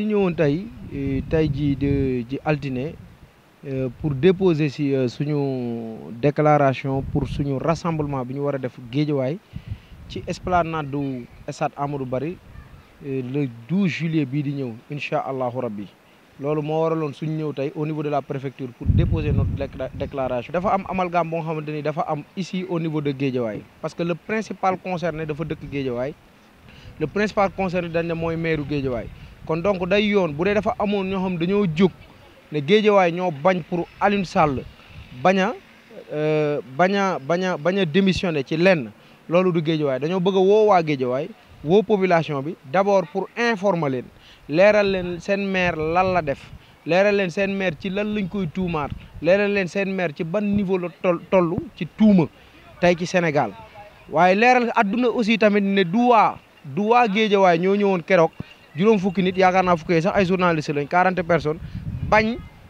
ñu ñëwoon tey de de ji altine e, pour déposer ci e, suñu déclaration pour suñu rassemblement bi ñu war a def géejawaay ci esplanade du stade Amadou Barry e, le 12 juillet bii di ñëw incha allahu rabbi loolu moo waraloon suñu ñëw au niveau de la préfecture pour déposer notre déclaration. dafa am amalgame boo xamante ni dafa am ici au niveau de géejawaay parce que le principal concerné dafa dëkk géejawaay le principal concerné dañ ne mooy maire géejawaay kon donc day yoon bu dee dafa amoon ñoo xam dañoo jóg ne géejawaay ñoo bañ pour Alioune Sall bañ a euh, bañ a bañ a bañ a démissionné ci lenn loolu du géejawaay dañoo bëgg woo waa géejawaay woo population bi d'abord pour informer leen leeral leen seen maire lan la def leeral leen seen maire ci lan lañ koy tuumaat leeral leen seen maire ci ban niveau la toll toll ci tuuma tey ci Sénégal waaye leeral adduna aussi tamit ne du waa du waa géejawaay ñoo ñëwoon keroog juróom fukki nit yaakaar naa fukki sax ay journaliste lañ 40 personnes bañ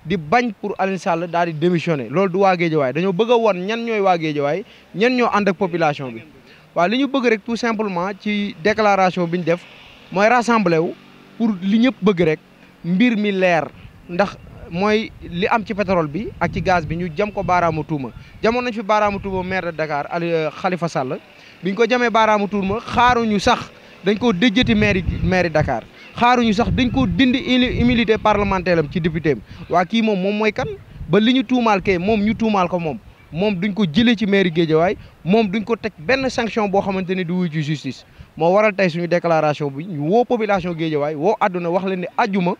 di bañ pour Aliou Sall daal di démissionner loolu du waa Géejawaay dañoo bëgg a ñoo ñan ñooy ñan ñoo ànd ak bi. waaw li ñu bëgg rek tout simplement ci déclaration bi ñu def mooy rassembler wu pour li ñëpp bëgg rek mbir mi leer ndax. mooy li am ci pétrole bi ak ci gaz bi ñu jam ko baaraamu tuuma jamoon nañ fi baaraamu tuuma maire de Dakar Aliou Khalifa Sall biñ ko jamee baaraamu tuuma sax dañ koo déjjati mairie mairie Dakar xaaruñu sax dañ koo dindi immunité parlementaire am ci député waa kii moom moom mooy kan ba li ñu tuumaal kay moom ñu tuumaal ko moom moom duñ ko jëlee ci mairie Guédiawaye moom duñ ko teg benn sanction boo xamante ni du wuy ci justice moo waral tey suñu déclaration bi ñu woo population Guédiawaye woo àdduna wax leen ne àjjuma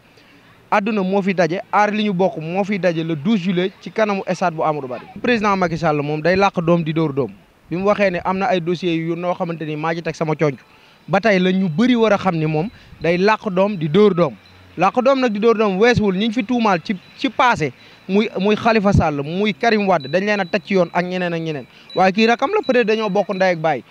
àdduna moo fi daje aar li ñu bokk moo fi daje le 12 ci kanamu stade bu Amadou Barry président Macky Sall moom day làq doom di dóor doom bi mu waxee ne am na ay dossiers noo xamante ni maa ci teg sama conc ba tey la ñu bëri war a xam ni moom day làq doom di dóor doom làq doom nag di dóor doom weesuwul ñi ñu fi tuumaal ci ci passé muy muy Khalifa Sall muy Karim Wade dañ leen a teg ci yoon ak ñeneen ak ñeneen waaye kii rakam la peut-être dañoo bokk ndey ak baay